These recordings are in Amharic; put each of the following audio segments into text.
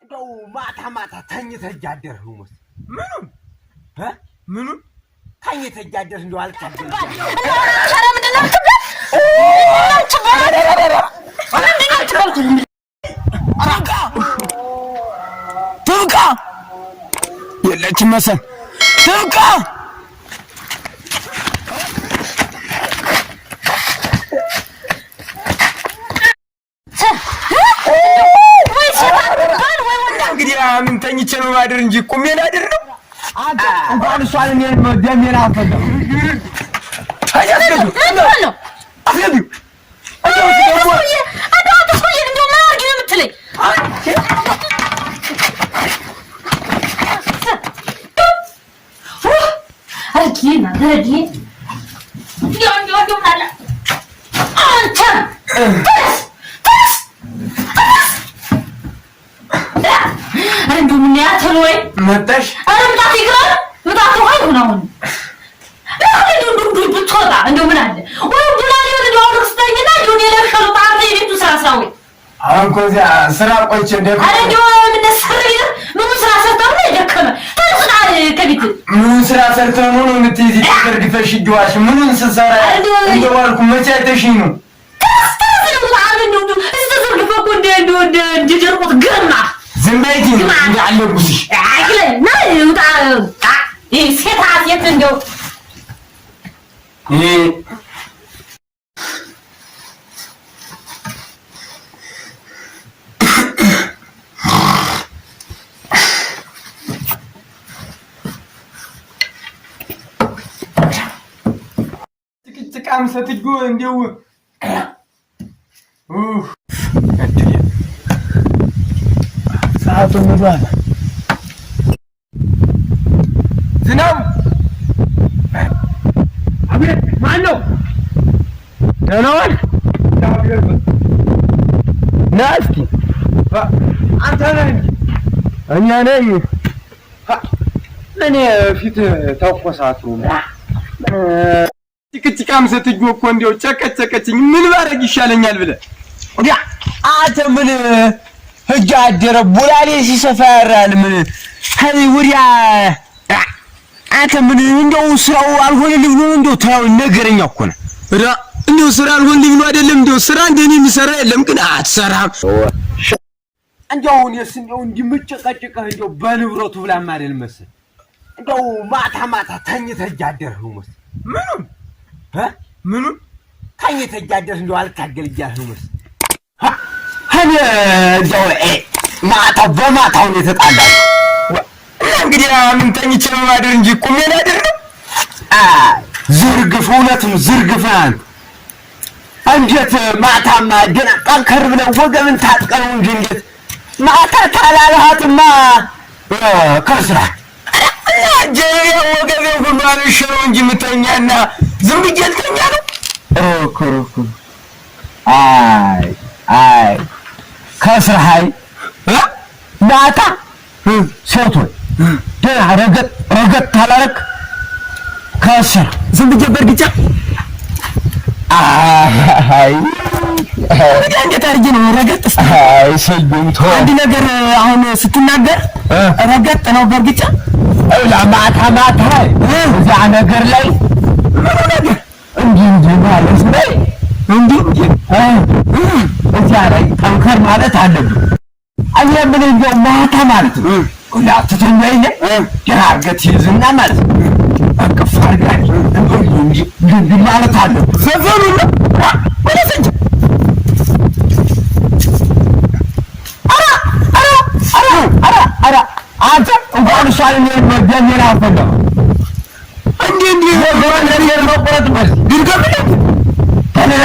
እንደው ማታ ማታ ተኝተህ እያደርህ ነው መሰለኝ። ምኑን ምኑን ተኝተህ እያደርህ እንደው አልታደርም። ትብቃ የለችም መሰል ትብቃ ተኝቼ ነው ማደር እንጂ ቁሜ ላድር ነው። አንተ እንኳን እሷን እኔን ደሜን አልፈለም። አስገቢው አስገቢው አንተ ምን ዝም በይ እንዳለጉሽ ሴት ሴት እንደው ጭቅጭቃም ሰትጆ እንደው ገብቶ ሄዷል። ዝናቡ አቤት፣ ማን ነው? ደህና ዋልክ? ና እስኪ አንተ ነህ? እኛ ነኝ። እኔ ፊት ተኮሳት ጭቅጭቃም ስትጆ እኮ እንዲያው ጨቀጨቀችኝ። ምን ባረግ ይሻለኛል ብለህ አንተ ምን እጅ አደረ ቡላሌ ሲሰፋ ያራል። ምን ሀይ ወዲያ አንተ ምን እንደው ስራው አልሆነልህ ብሎ እንደው ተው ነገረኛ እኮ ነው እዳ እንደው ስራ አልሆነልህ ብሎ አይደለም እንደው ስራ እንደኔ የሚሰራ የለም። ግን አትሰራም እንደው እኔስ እንደው እንዲምጨቀጭቀህ እንደው በንብረቱ ብላ ማደል መሰለህ እንደው ማታ ማታ ተኝተህ እጅ ነው መሰለህ ምኑን እ ምኑን ተኝተህ እጅ እንደው አልታገል እያልህ ነው መሰለህ ግን እንደው ማታው በማታው ነው የተጣላው። እንግዲህ ምን ተኝቼ ነው ማደር እንጂ ቁሜ ነው ዝርግፍ እውነትም ዝርግፍን እንዴት ማታማ ደና ጠንከር ብለው ወገብን ታጥቀው እንጂ እንዴት ማታ ታላልሃትማ ከስራ ጀሬው ወገቤው ሁሉ አልሽሮ እንጂ ምተኛና ዝም ብዬ ልተኛ ነው። ሮክ አይ አይ ከስርሃይ ማታ ሴቶች ደህና ረገጥ ረገጥ ታላረክ ከስር ዝም ብዬ በእርግጫ አይ እንዴት አድርጌ ነው ረገጥ? አንድ ነገር አሁን ስትናገር ረገጥ ነው በእርግጫ ማታ ማታ እዚያ ነገር ላይ ምን ነገር እንዲህ እንዲህ ማለት ነው እንዲህ ሲያረኝ ጠንከር ማለት አለብን እኔ ምን እንደው ማታ ማለት ነው ላትትኛይነ ደህና አድርገህ ትይዝና ማለት ነው እቅፍ እንዲ ማለት አለብህ። ዘዘኑ ወለሰጅ አንተ እንኳን እሷን መግደል ሌላ አልፈለግም። እንዲህ እንዲህ ነገር መቆረጥ በዚህ ድርገም በሌላ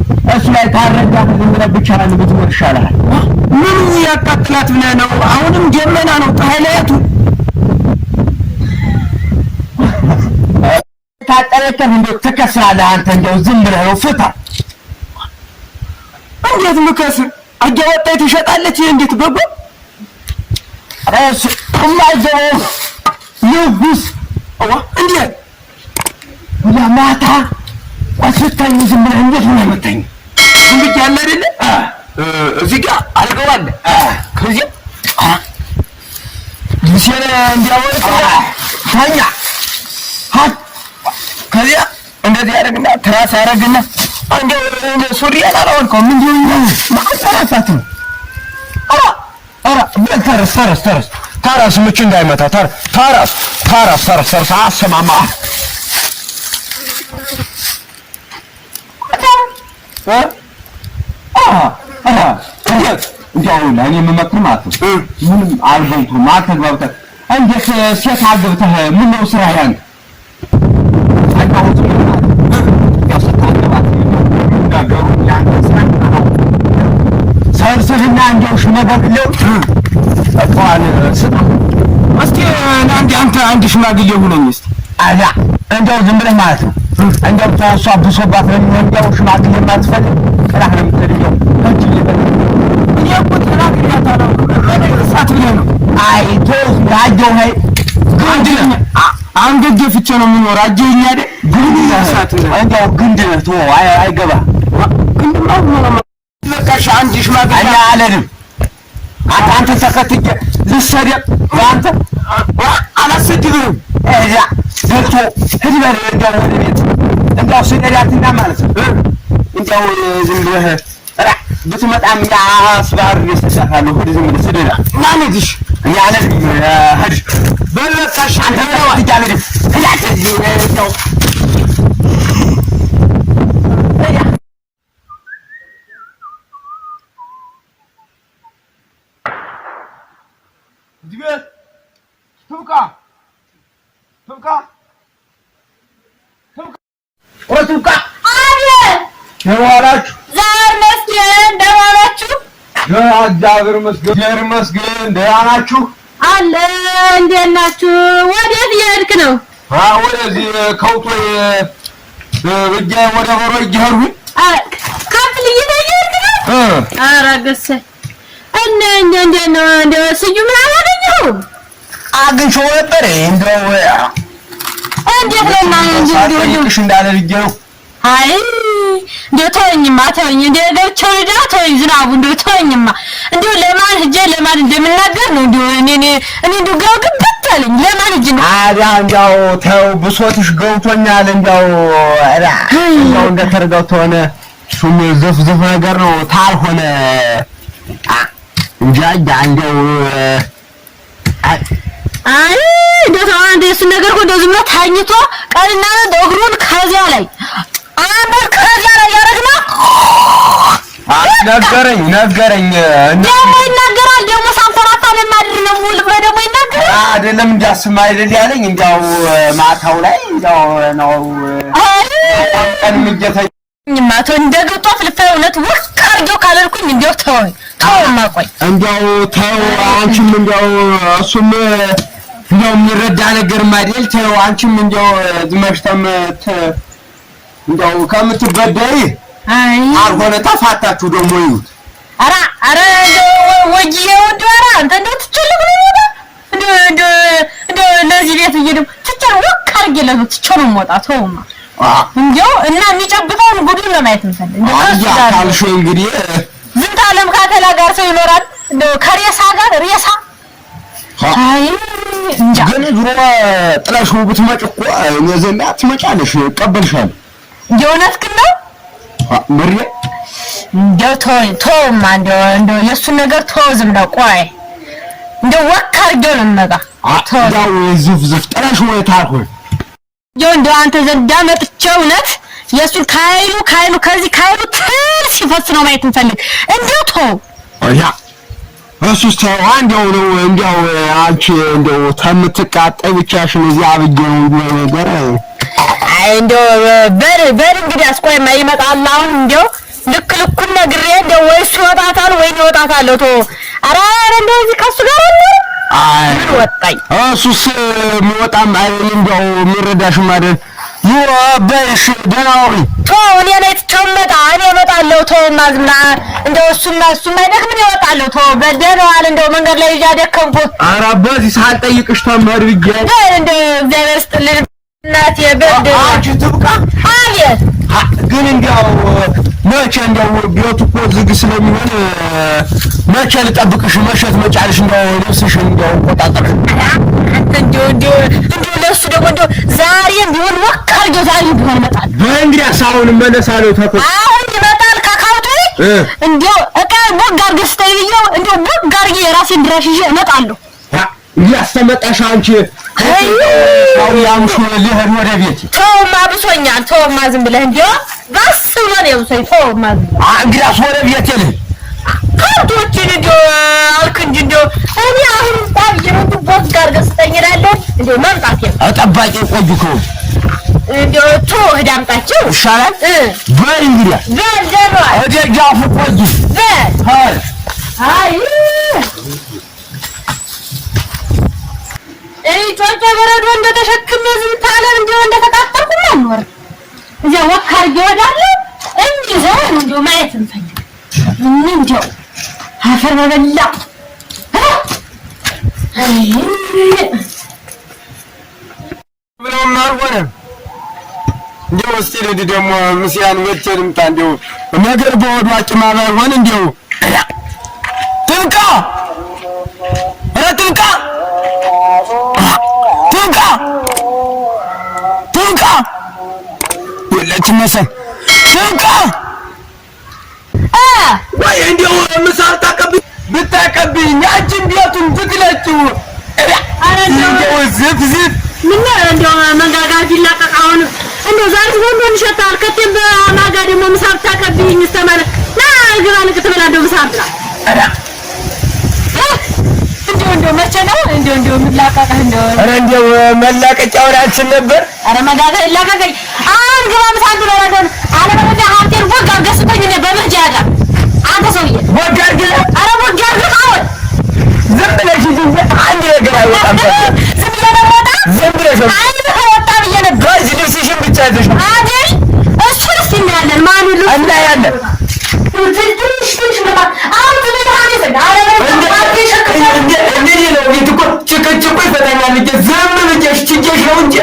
እሱ ላይ ታረጋ ብለህ ብቻ ነው ብትሞት ይሻልሃል። ምኑ ያቃጥላት ብለህ ነው? አሁንም ጀመና ነው ጣይለቱ ታጠረከን ታጠረከህ እንደው ትከስራለህ። አንተ እንደው ዝም ብለህ ነው ፍታ። እንዴት ምከስር? አጃወጣ የተሸጣለች እንዴት በጎ እሱ እማይዘው ንጉስ አዋ እንዴት ማታ ቆስታኝ ዝም ብለህ እንዴት ነው መታኝ ዝም ብዬ አለ አይደለ እዚህ ጋር አልገው አለ ከዚህ ልብሴን እንዲያወልቅ ታኛ ከዚያ እንደዚህ ያደርግና ትራስ ያደርግና አንዴ ሱሪ አላወልቀውም። እንዲሁ ማሰራሳት ነው። ኧረ ኧረ በል ተረስ ተረስ ተረስ ተረስ ምቹ እንዳይመታ ተረስ ተረስ ተረስ ተረስ ተረስ አሰማማ እ እንዲያው ለእኔ የምመክር ማለት ነው ምንም አልበልቱም አልተግባብተህ እንዴት ሴት አግብተህ ምን ነው ስራ ያን ሰብስብና እንዲያው ሽመበቅለው ጠዋን ስጣ እስኪ አንድ አንተ አንድ ሽማግሌ ሁነኝ እስኪ አላ እንዲያው ዝም ብለህ ማለት ነው እንደው ተሷ ብሶባት ነው የሚወደው ሽማግሌ የማትፈልግ ጥላህ ነው የምትሄደው። እጅ እኔ እኮ ጥላህ ግዴታ ነው ብለህ ነው። አይ ተው ያጀው ሀይ ግንድ ነህ አንገት ፍቼ ነው የምኖር አጀኸኝ አይደል? ግንድ ነህ ሳት ብለህ እንደው ግንድ ነህ ተወው። አይ አይገባህ ግንድ ማለት ነው። አንድ ሽማግሌ አለ አለንም አንተ ተከትዬ ልሰደብ በአንተ አላሰድብህም። እዛ ገብቶ ህድበር እንደው ወደ ቤት እንዳው ስደዳትና ማለት ነው እንዲያው ዝም ብለህ ብትመጣም ያስባር ዝም ብለህ ስደዳ ያለ አንተ ነው ነው ትብቃ ደህና ዋላችሁ። ዛር መስገን ደህና ዋላችሁ። እግዚአብሔር ይመስገን፣ እግዚአብሔር ይመስገን። ደህና ናችሁ አለ። እንዴት ናችሁ? ወዴት እየሄድክ ነው? አዎ ወደዚህ ከውቶ በጃ ወደ ሆሮ እየሄድኩኝ ካምፕል እየሄድክ ነው? ኧረ ገሰ እና እንደ እንደ ነው እንደ ስዩም ምን አላገኘው አግኝቼው ነበር እንደው እንዴት ነው ማለት ነው እንዳለ ልጅ ነው አይ እንደው ተወኝማ ተወኝ፣ እንደው ገብቼው ልዳ ተወኝ፣ ዝናቡ እንደው ተወኝማ፣ እንደው ለማን ሂጅ ለማን እንደምናገር ነው። እንደው እኔ እኔ እኔ እንደው ጋር ግብት አለኝ። ለማን ሂጅ ነው? አዳ እንደው ተው፣ ብሶትሽ ገብቶኛል። እንደው አዳ እንደው እንደተረጋው ተሆነ ሹም ዘፍ ዘፍ ነገር ነው ታል ሆነ እንጃ እንደው አይ እንደው ተዋን እንደሱ ነገር ሆዶ ዝም ብሎ ታኝቶ ቀንና እግሩን ከዚያ ላይ ነገረኝ ነገረኝ ደግሞ ይናገራል። ደግሞ ሳንኮራፋ ለማድር ነው ሙሉ ደግሞ ይናገራል። አይደለም እንዳስማ አይደል ያለኝ እንዲያው ማታው ላይ እንዲያው ነው ቀንም እየተኝማ ተው እንደግጦ ፍልፍል እውነት ውቅ አድርጌው ካላልኩኝ እንዲያው ተው ተው ማቆይ እንዲያው ተው አንቺም እንዲያው እሱም እንዲያው የሚረዳ ነገር ማይደል ተው አንቺም እንዲያው ዝመሽተም እንደው ከምትበደይ አልሆነ ተፋታችሁ ደግሞ ይሁት አንተ እንደው ለዚህ ቤት ነው ተውማ እንደው እና የሚጨብጠውን ጉዱን ለማየት እንፈልግ እንግዲህ ዓለም ካተላ ጋር ሰው ይኖራል እንደው ከሬሳ ጋር ሬሳ አይ እንጃ ግን ዙሮ ጥላሽ ብትመጭ እኮ እኔ ዘንድ አትመጫለሽ እቀበልሻለሁ የእውነትህን ነው? ምሬ እንደው ተወኝ፣ ተወውማ እንደው እንደው የእሱን ነገር ተወው፣ ዝም ነው። ቆይ እንደው ወክ አድርጌው ነው የምመጣው። ተወው፣ ዝፍ ዝፍ ጥለሽ ወይ ታልኩኝ። እንደው እንደው አንተ ዘንዳ መጥቼ እውነት የእሱን ከኃይሉ ከኃይሉ ከዚህ ከኃይሉ ትል ሲፈስ ነው ማየት እንፈልግ። እንደው ተወው። አያ እሱስ ተወው። እንደው ነው እንደው አንቺ እንደው ተምትቃጠይ ብቻሽን እዚህ ነው ነገር እንዲያው በር በር እንግዲህ አስቆይማ ይመጣል። አሁን እንዲያው ልክ ልኩን ነግሬ እንዲያው ወይ ይወጣታል ወይ ይወጣታል። ቶ ኧረ ኧረ እንደዚህ ከእሱ ጋር ወጣኝ። እሱስ የሚወጣም አይደል እንዲያው የሚረዳሽም አይደል ይሮ በሽ ደህና ቶ እኔ ላይ ትቼው እኔ እመጣለሁ። ቶ ማዝምና እንደው እሱና እሱማ አይደክም እኔ እወጣለሁ። ቶ በደህና እንደው መንገድ ላይ እያደከምኩት ኧረ በዚህ ሳልጠይቅሽ ተመርብዬ እንደው እግዚአብሔር ይስጥልኝ። እናት የብርድ አንቺ ትብቃ። አቤት ግን እንዲያው መቼ እንዲያው ቤቱ እኮ ዝግ ስለሚሆን መቼ ልጠብቅሽ? እንዲያው እንዲያው እንዲሁ ደግሞ እንዲሁ ዛሬም ቢሆን ወቅ ዛሬም ቢሆን አሁን እመለሳለሁ። አሁን ይመጣል እንዲሁ እቃ ቦግ ስታይ ብዬው እንዲሁ ቦግ አድርጌ የራሴን ድራሽ ይዤ እመጣለሁ። እያስቀመጠሽ አንቺ ያምሹ ልህር ወደ ቤት ተውማ ብሶኛል። ተውማ ዝም ብለህ እንዲያው በስ ብሎ ነው ብሶኝ። ተውማ እንግዲያስ ወደ ቤት ልህ ከብቶችን እንዲያው አልክ እንጂ እንዲያው እኔ አሁን እንኳን የምንቱ ቦት ጋር ገዝተኝ እላለሁ። እንዲያው መምጣት የለ ጠባቂ ቆዩ ከሆነ እንዲያው ቶ እህድ አምጣቸው ይሻላል። በል እንግዲያስ በል ደህና እደጃፉ ቆይ በል አይ እኔ ጮጮ በረዶ እንደተሸክሜ ዝም ታለን እንደው እንደተቃጠልኩ አልኖርም። እዚያ ወክ አድርጌ እወዳለሁ። እንዲሁ እንዲሁ ማየት እንፈልግ ምን እንዲያው አፈር በበላ ብለውም አልሆነም። እንዲያው እስቲ ልሂድ ደግሞ ምስያን ወቼ ልምጣ። እንዲያው ነገር በሆዷ ጭማ ባይሆን እንዲያው ትብቃ አትነሳም። በቃ ወይ ምሳ ብታቀብኝ ቤቱን መንጋጋ አሁን ዛሬ ወንዶን ከቴም በማጋ ደግሞ ምሳ ብታቀብኝ ና ግባ ትበላ እንደው ምሳ ብላ እንደው መቼ ነው እንደው እንደው የምላቀቅህ እንደው ኧረ እንደው መላቀቅ አውራችን ነበር። ኧረ መላቀቅ ላቀቀኝ አንድ ግባምት አንዱ ነው ያለው አለበለዚያ ሀብቴን ወግ አርገስኩኝ እኔ በመሄጃ ያጣ አንተ ሰውዬ ወግ አርግልህ። ኧረ ወግ አርግልህ። አሁን ዝም ብለሽ ዝም አንድ ነገር አይወጣም። ዝም ብለሽ ዝም ብለሽ ወጣ ብዬሽ ነበር። ልብስሽን ብቻ ይዘሽ ርችኮ ይፈታኛል። እጄ ዝም ብዬሽ ትቼሽ ነው እንጂ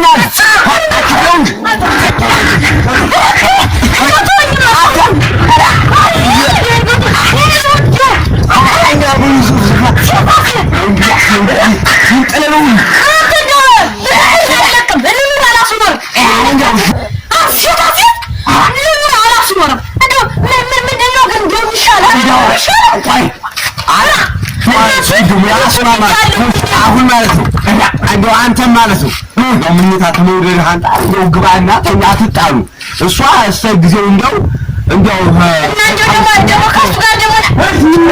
ይገኛል። አሁን ማለት ነው እንደው አንተም ማለት ነው ያው ምኞታ ከመውደድ አንጻር ነው። ግባና ተኛ አትጣሉ። እሷ እሰ ጊዜው እንደው እንደው መላቀጫ አገኘሽ